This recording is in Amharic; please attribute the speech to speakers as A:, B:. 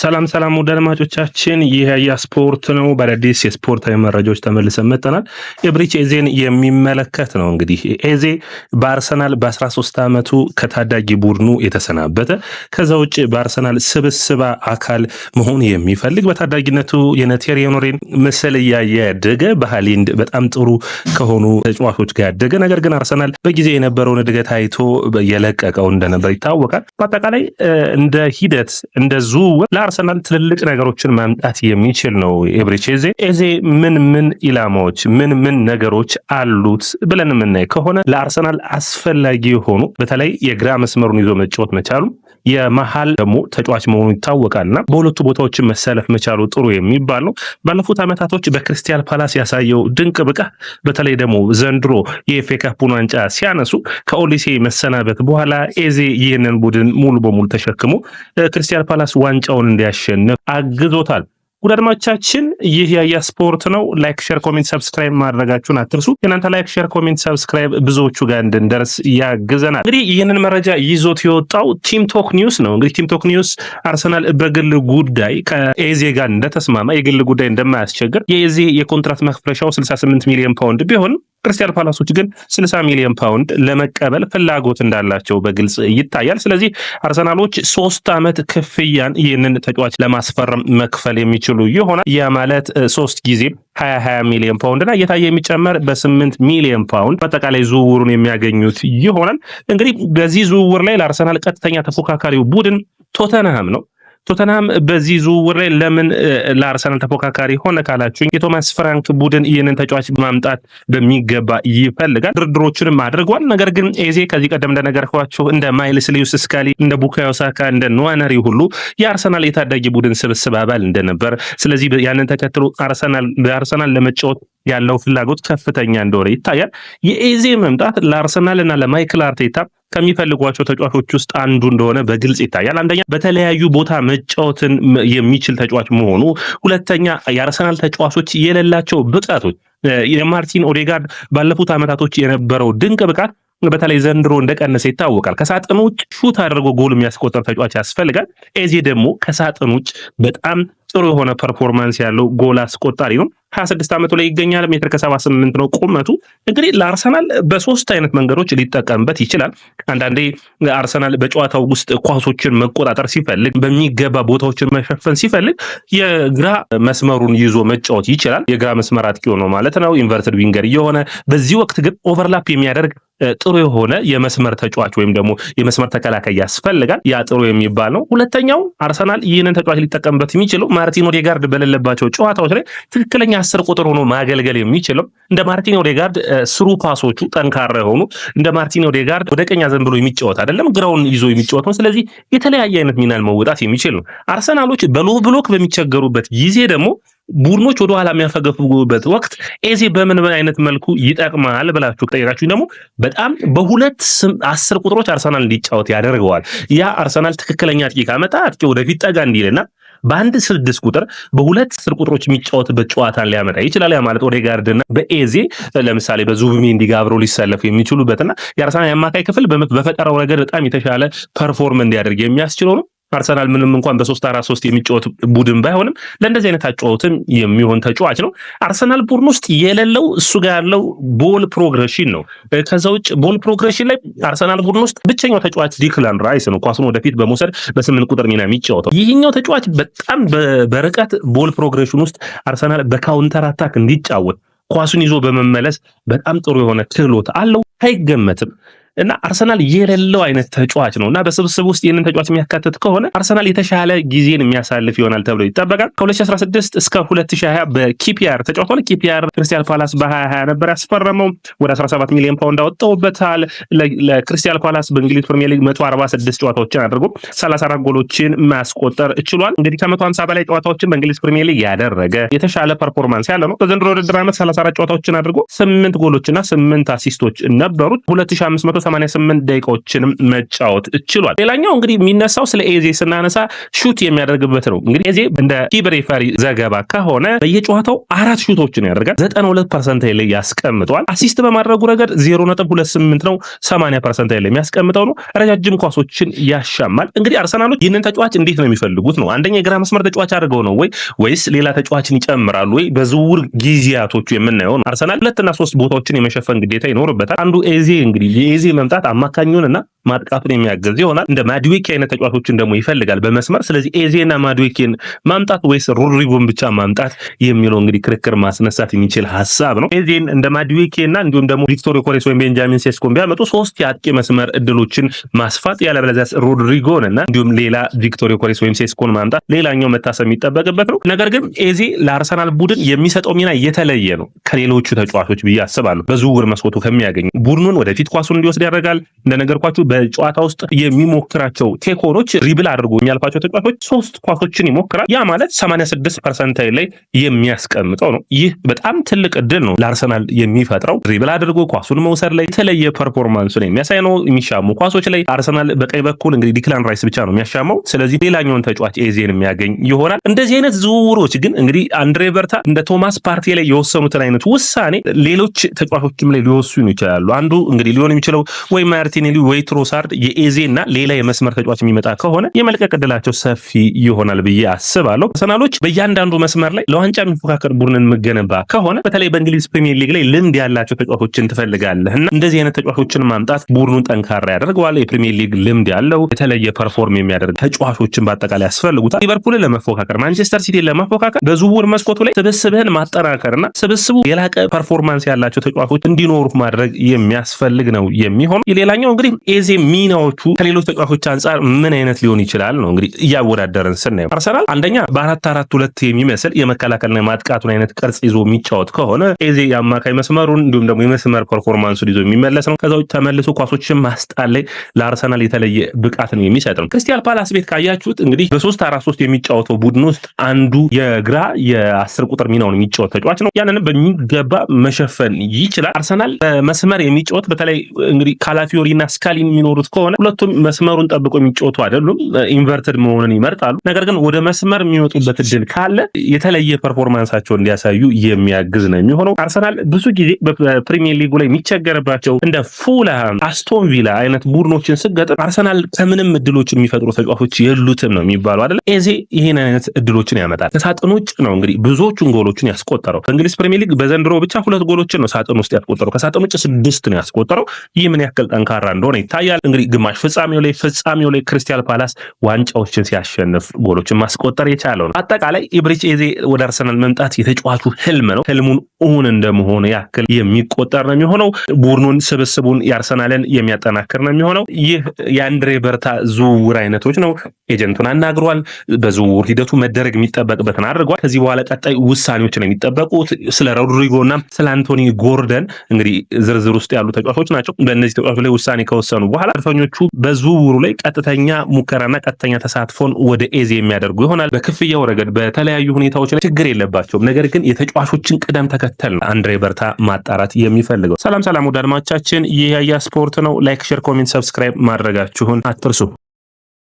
A: ሰላም ሰላም ውድ አድማጮቻችን፣ ይህ ስፖርት ነው። በአዳዲስ የስፖርታዊ መረጃዎች ተመልሰን መጥተናል። የብሪች ኤዜን የሚመለከት ነው። እንግዲህ ኤዜ በአርሰናል በ13 ዓመቱ ከታዳጊ ቡድኑ የተሰናበተ ከዛ ውጭ በአርሰናል ስብስባ አካል መሆን የሚፈልግ በታዳጊነቱ የነቴር የኖሬን ምስል እያየ ያደገ በሃሊንድ በጣም ጥሩ ከሆኑ ተጫዋቾች ጋር ያደገ ነገር ግን አርሰናል በጊዜ የነበረውን እድገት አይቶ የለቀቀው እንደነበር ይታወቃል። በአጠቃላይ እንደ ሂደት እንደ ዝውውር አርሰናል ትልልቅ ነገሮችን ማምጣት የሚችል ነው። ኤብሪቼ ኤዜ ኤዜ ምን ምን ኢላማዎች ምን ምን ነገሮች አሉት ብለን የምናይ ከሆነ ለአርሰናል አስፈላጊ የሆኑ በተለይ የግራ መስመሩን ይዞ መጫወት መቻሉ የመሀል ደግሞ ተጫዋች መሆኑ ይታወቃል በሁለቱ ቦታዎችን መሰለፍ መቻሉ ጥሩ የሚባል ነው። ባለፉት ዓመታቶች በክሪስታል ፓላስ ያሳየው ድንቅ ብቃት በተለይ ደግሞ ዘንድሮ የኤፍኤ ካፑን ዋንጫ ሲያነሱ ከኦሊሴ መሰናበት በኋላ ኤዜ ይህንን ቡድን ሙሉ በሙሉ ተሸክሞ ክሪስታል ፓላስ ዋንጫውን እንዲያሸንፍ አግዞታል። ጉድ አድማጮቻችን ይህ ያያ ስፖርት ነው። ላይክ፣ ሼር፣ ኮሜንት ሰብስክራይብ ማድረጋችሁን አትርሱ። የእናንተ ላይክ፣ ሼር፣ ኮሜንት ሰብስክራይብ ብዙዎቹ ጋር እንድንደርስ ያግዘናል። እንግዲህ ይህንን መረጃ ይዞት የወጣው ቲምቶክ ኒውስ ነው። እንግዲህ ቲምቶክ ኒውስ አርሰናል በግል ጉዳይ ከኤዜ ጋር እንደተስማማ የግል ጉዳይ እንደማያስቸግር የኤዜ የኮንትራት መክፈሻው 68 ሚሊዮን ፓውንድ ቢሆን ክርስቲያን ፓላሶች ግን 60 ሚሊዮን ፓውንድ ለመቀበል ፍላጎት እንዳላቸው በግልጽ ይታያል። ስለዚህ አርሰናሎች ሶስት ዓመት ክፍያን ይህንን ተጫዋች ለማስፈረም መክፈል የሚችሉ ይሆናል። ያ ማለት ሶስት ጊዜ 20 ሚሊዮን ፓውንድ እና እየታየ የሚጨመር በ8 ሚሊዮን ፓውንድ በአጠቃላይ ዝውውሩን የሚያገኙት ይሆናል። እንግዲህ በዚህ ዝውውር ላይ ለአርሰናል ቀጥተኛ ተፎካካሪው ቡድን ቶተንሃም ነው። ቶተናም በዚህ ዝውውር ላይ ለምን ለአርሰናል ተፎካካሪ ሆነ ካላችሁ የቶማስ ፍራንክ ቡድን ይህንን ተጫዋች ማምጣት በሚገባ ይፈልጋል። ድርድሮችንም አድርጓል። ነገር ግን ኤዜ ከዚህ ቀደም እንደነገርኳችሁ እንደ ማይልስ ሊዩስ ስካሊ፣ እንደ ቡካዮ ሳካ፣ እንደ ኗነሪ ሁሉ የአርሰናል የታዳጊ ቡድን ስብስብ አባል እንደነበር፣ ስለዚህ ያንን ተከትሎ አርሰናል በአርሰናል ለመጫወት ያለው ፍላጎት ከፍተኛ እንደሆነ ይታያል። የኤዜ መምጣት እና ለማይክል አርቴታ ከሚፈልጓቸው ተጫዋቾች ውስጥ አንዱ እንደሆነ በግልጽ ይታያል። አንደኛ በተለያዩ ቦታ መጫወትን የሚችል ተጫዋች መሆኑ፣ ሁለተኛ የአርሰናል ተጫዋቾች የሌላቸው ብቃቶች የማርቲን ኦዴጋርድ ባለፉት ዓመታቶች የነበረው ድንቅ ብቃት በተለይ ዘንድሮ እንደቀነሰ ይታወቃል። ከሳጥን ውጭ ሹት አድርጎ ጎል የሚያስቆጠር ተጫዋች ያስፈልጋል። ኤዜ ደግሞ ከሳጥን ውጭ በጣም ጥሩ የሆነ ፐርፎርማንስ ያለው ጎል አስቆጣሪ ነው። ሀያ ስድስት ዓመቱ ላይ ይገኛል። ሜትር ከሰባ ስምንት ነው ቁመቱ። እንግዲህ ለአርሰናል በሶስት አይነት መንገዶች ሊጠቀምበት ይችላል። አንዳንዴ አርሰናል በጨዋታው ውስጥ ኳሶችን መቆጣጠር ሲፈልግ፣ በሚገባ ቦታዎችን መሸፈን ሲፈልግ የግራ መስመሩን ይዞ መጫወት ይችላል። የግራ መስመር አጥቂ ሆኖ ማለት ነው፣ ኢንቨርትድ ዊንገር እየሆነ በዚህ ወቅት ግን ኦቨርላፕ የሚያደርግ ጥሩ የሆነ የመስመር ተጫዋች ወይም ደግሞ የመስመር ተከላካይ ያስፈልጋል። ያ ጥሩ የሚባል ነው። ሁለተኛው አርሰናል ይህንን ተጫዋች ሊጠቀምበት የሚችለው ማርቲን ኦዴጋርድ በሌለባቸው ጨዋታዎች ላይ ትክክለኛ አስር ቁጥር ሆኖ ማገልገል የሚችለው እንደ ማርቲን ኦዴጋርድ ስሩ ፓሶቹ ጠንካራ የሆኑ እንደ ማርቲን ኦዴጋርድ ወደ ቀኝ ዘን ብሎ የሚጫወት አይደለም፣ ግራውን ይዞ የሚጫወት ነው። ስለዚህ የተለያየ አይነት ሚናል መወጣት የሚችል ነው። አርሰናሎች በሎ ብሎክ በሚቸገሩበት ጊዜ ደግሞ ቡድኖች ወደ ኋላ የሚያፈገፍጉበት ወቅት ኤዜ በምን ምን አይነት መልኩ ይጠቅማል ብላችሁ ጠይቃችሁ ደግሞ በጣም በሁለት አስር ቁጥሮች አርሰናል እንዲጫወት ያደርገዋል። ያ አርሰናል ትክክለኛ አጥቂ ካመጣ አጥቂ ወደፊት ጠጋ እንዲልና በአንድ ስድስት ቁጥር በሁለት ስር ቁጥሮች የሚጫወትበት ጨዋታን ሊያመጣ ይችላል። ያ ማለት ኦዴጋርድና በኤዜ ለምሳሌ በዙቢሜንዲ ጋር አብረው ሊሰለፉ የሚችሉበትና የአርሰናል የአማካይ ክፍል በፈጠራው ረገድ በጣም የተሻለ ፐርፎርም እንዲያደርግ የሚያስችለው ነው። አርሰናል ምንም እንኳን በሶስት አራት ሶስት የሚጫወት ቡድን ባይሆንም ለእንደዚህ አይነት አጫወትም የሚሆን ተጫዋች ነው። አርሰናል ቡድን ውስጥ የሌለው እሱ ጋር ያለው ቦል ፕሮግረሽን ነው። ከዛ ውጭ ቦል ፕሮግረሽን ላይ አርሰናል ቡድን ውስጥ ብቸኛው ተጫዋች ዲክላን ራይስ ነው፣ ኳሱን ወደፊት በመውሰድ በስምንት ቁጥር ሚና የሚጫወተው ይህኛው ተጫዋች በጣም በርቀት ቦል ፕሮግረሽን ውስጥ አርሰናል በካውንተር አታክ እንዲጫወት ኳሱን ይዞ በመመለስ በጣም ጥሩ የሆነ ክህሎት አለው። አይገመትም እና አርሰናል የሌለው አይነት ተጫዋች ነው እና በስብስብ ውስጥ ይህንን ተጫዋች የሚያካትት ከሆነ አርሰናል የተሻለ ጊዜን የሚያሳልፍ ይሆናል ተብሎ ይጠበቃል። ከ2016 እስከ 2020 በኪፒአር ሆነ። ኪፒአር ክሪስታል ፓላስ በ2020 ነበር ያስፈረመው። ወደ 17 ሚሊዮን ፓውንድ አወጣውበታል። ለክሪስቲያል ፓላስ በእንግሊዝ ፕሪሚየር ሊግ 146 ጨዋታዎችን አድርጎ 34 ጎሎችን ማስቆጠር ችሏል። እንግዲህ ከ150 በላይ ጨዋታዎችን በእንግሊዝ ፕሪሚየር ሊግ ያደረገ የተሻለ ፐርፎርማንስ ያለ ነው። በዘንድሮ ውድድር ዓመት 34 ጨዋታዎችን አድርጎ 8 ጎሎችና 8 አሲስቶች ነበሩት 2500 88 ደቂቃዎችንም መጫወት ችሏል። ሌላኛው እንግዲህ የሚነሳው ስለ ኤዜ ስናነሳ ሹት የሚያደርግበት ነው። እንግዲህ ኤዜ እንደ ኪብሬ ፈሪ ዘገባ ከሆነ በየጨዋታው አራት ሹቶችን ያደርጋል። 92 ፐርሰንት ላይ ያስቀምጠዋል። አሲስት በማድረጉ ረገድ 0.28 ነው። 80 ፐርሰንት ላይ የሚያስቀምጠው ነው። ረጃጅም ኳሶችን ያሻማል። እንግዲህ አርሰናሎች ይህንን ተጫዋች እንዴት ነው የሚፈልጉት ነው? አንደኛ የግራ መስመር ተጫዋች አድርገው ነው ወይ ወይስ ሌላ ተጫዋችን ይጨምራሉ ወይ? በዝውውር ጊዜያቶቹ የምናየው ነው። አርሰናል ሁለትና ሶስት ቦታዎችን የመሸፈን ግዴታ ይኖርበታል። አንዱ ኤዜ እንግዲህ የኤዜ ጊዜ መምጣት አማካኙን እና ማጥቃቱን የሚያገዝ ይሆናል። እንደ ማድዌኬ አይነት ተጫዋቾችን ደግሞ ይፈልጋል በመስመር። ስለዚህ ኤዜና ማድዌኬን ማምጣት ወይስ ሮድሪጎን ብቻ ማምጣት የሚለው እንግዲህ ክርክር ማስነሳት የሚችል ሀሳብ ነው። ኤዜን እንደ ማድዌኬ እና እንዲሁም ደግሞ ቪክቶሪ ኮሬስ ወይም ቤንጃሚን ሴስኮን ቢያመጡ ሶስት የአጥቂ መስመር እድሎችን ማስፋት ያለበለዚያስ ሮድሪጎን እና እንዲሁም ሌላ ቪክቶሪ ኮሬስ ወይም ሴስኮን ማምጣት ሌላኛው መታሰብ የሚጠበቅበት ነው። ነገር ግን ኤዜ ለአርሰናል ቡድን የሚሰጠው ሚና የተለየ ነው ከሌሎቹ ተጫዋቾች ብዬ አስባለሁ። በዝውውር መስኮቱ ከሚያገኙ ቡድኑን ወደፊት ኳሱን እንዲወስድ ኦቨርወስድ ያደርጋል። እንደነገርኳችሁ በጨዋታ ውስጥ የሚሞክራቸው ቴኮኖች ሪብል አድርጎ የሚያልፋቸው ተጫዋቾች ሶስት ኳሶችን ይሞክራል። ያ ማለት 86 ፐርሰንታይል ላይ የሚያስቀምጠው ነው። ይህ በጣም ትልቅ እድል ነው ለአርሰናል የሚፈጥረው። ሪብል አድርጎ ኳሱን መውሰድ ላይ የተለየ ፐርፎርማንሱን የሚያሳይ ነው። የሚሻሙ ኳሶች ላይ አርሰናል በቀኝ በኩል እንግዲህ ዲክላን ራይስ ብቻ ነው የሚያሻመው። ስለዚህ ሌላኛውን ተጫዋች ኤዜን የሚያገኝ ይሆናል። እንደዚህ አይነት ዝውውሮች ግን እንግዲህ አንድሬ በርታ እንደ ቶማስ ፓርቲ ላይ የወሰኑትን አይነት ውሳኔ ሌሎች ተጫዋቾችም ላይ ሊወስኑ ይችላሉ። አንዱ እንግዲህ ሊሆን የሚችለው ወይ ማርቲኔሊ ወይ ትሮሳርድ የኤዜ እና ሌላ የመስመር ተጫዋች የሚመጣ ከሆነ የመልቀቅ እድላቸው ሰፊ ይሆናል ብዬ አስባለሁ። አርሰናሎች በእያንዳንዱ መስመር ላይ ለዋንጫ የሚፎካከር ቡድንን የምገነባ ከሆነ በተለይ በእንግሊዝ ፕሪሚየር ሊግ ላይ ልምድ ያላቸው ተጫዋቾችን ትፈልጋለህ እና እንደዚህ አይነት ተጫዋቾችን ማምጣት ቡድኑን ጠንካራ ያደርገዋል። የፕሪሚየር ሊግ ልምድ ያለው የተለየ ፐርፎርም የሚያደርግ ተጫዋቾችን በአጠቃላይ ያስፈልጉታል። ሊቨርፑልን ለመፎካከር፣ ማንቸስተር ሲቲን ለመፎካከር በዝውውር መስኮቱ ላይ ስብስብህን ማጠናከርና ስብስቡ የላቀ ፐርፎርማንስ ያላቸው ተጫዋቾች እንዲኖሩ ማድረግ የሚያስፈልግ ነው የሚ የሚሆነው። የሌላኛው እንግዲህ ኤዜ ሚናዎቹ ከሌሎች ተጫዋቾች አንጻር ምን አይነት ሊሆን ይችላል ነው እንግዲህ እያወዳደርን ስናየው አርሰናል አንደኛ በአራት አራት ሁለት የሚመስል የመከላከልና የማጥቃቱን አይነት ቅርጽ ይዞ የሚጫወት ከሆነ ኤዜ የአማካይ መስመሩን እንዲሁም ደግሞ የመስመር ፐርፎርማንሱን ይዞ የሚመለስ ነው። ከዛ ውጭ ተመልሶ ኳሶችን ማስጣል ላይ ለአርሰናል የተለየ ብቃት ነው የሚሰጥ ነው። ክሪስታል ፓላስ ቤት ካያችሁት እንግዲህ በሶስት አራት ሶስት የሚጫወተው ቡድን ውስጥ አንዱ የግራ የአስር ቁጥር ሚናውን የሚጫወት ተጫዋች ነው። ያንንም በሚገባ መሸፈን ይችላል። አርሰናል በመስመር የሚጫወት በተለይ እንግዲህ ካላፊዮሪና ስካሊ የሚኖሩት ከሆነ ሁለቱም መስመሩን ጠብቆ የሚጫወቱ አይደሉም፣ ኢንቨርትድ መሆንን ይመርጣሉ። ነገር ግን ወደ መስመር የሚወጡበት እድል ካለ የተለየ ፐርፎርማንሳቸው እንዲያሳዩ የሚያግዝ ነው የሚሆነው። አርሰናል ብዙ ጊዜ በፕሪሚየር ሊጉ ላይ የሚቸገርባቸው እንደ ፉላም አስቶን ቪላ አይነት ቡድኖችን ስገጥም አርሰናል ከምንም እድሎች የሚፈጥሩ ተጫዋቾች የሉትም ነው የሚባሉ አይደለ? ኤዜ ይህን አይነት እድሎችን ያመጣል። ከሳጥን ውጭ ነው እንግዲህ ብዙዎቹን ጎሎችን ያስቆጠረው። በእንግሊዝ ፕሪሚየር ሊግ በዘንድሮ ብቻ ሁለት ጎሎችን ነው ሳጥን ውስጥ ያስቆጠረው። ከሳጥን ውጭ ስድስት ነው ያስቆጠረው። ይህ ምን ምን ያክል ጠንካራ እንደሆነ ይታያል። እንግዲህ ግማሽ ፍጻሜው ላይ ፍጻሜው ላይ ክሪስታል ፓላስ ዋንጫዎችን ሲያሸንፍ ጎሎችን ማስቆጠር የቻለው ነው። አጠቃላይ ኢብሪች ኤዜ ወደ አርሰናል መምጣት የተጫዋቹ ህልም ነው። ህልሙን እውን እንደመሆነ ያክል የሚቆጠር ነው የሚሆነው። ቡድኑን ስብስቡን የአርሰናልን የሚያጠናክር ነው የሚሆነው። ይህ የአንድሬ በርታ ዝውውር አይነቶች ነው። ኤጀንቱን አናግሯል። በዝውውር ሂደቱ መደረግ የሚጠበቅበትን አድርጓል። ከዚህ በኋላ ቀጣይ ውሳኔዎች ነው የሚጠበቁት። ስለ ሮድሪጎ እና ስለ አንቶኒ ጎርደን እንግዲህ ዝርዝር ውስጥ ያሉ ተጫዋቾች ናቸው። በእነዚህ በዚህ ውሳኔ ከወሰኑ በኋላ መድፈኞቹ በዝውውሩ ላይ ቀጥተኛ ሙከራና ቀጥተኛ ተሳትፎን ወደ ኤዜ የሚያደርጉ ይሆናል። በክፍያው ረገድ በተለያዩ ሁኔታዎች ላይ ችግር የለባቸውም። ነገር ግን የተጫዋቾችን ቅደም ተከተል ነው አንድሬ በርታ ማጣራት የሚፈልገው። ሰላም ሰላም፣ ውድ አድማጮቻችን ይህ ያያ ስፖርት ነው። ላይክ፣ ሼር፣ ኮሜንት፣ ሰብስክራይብ ማድረጋችሁን አትርሱ።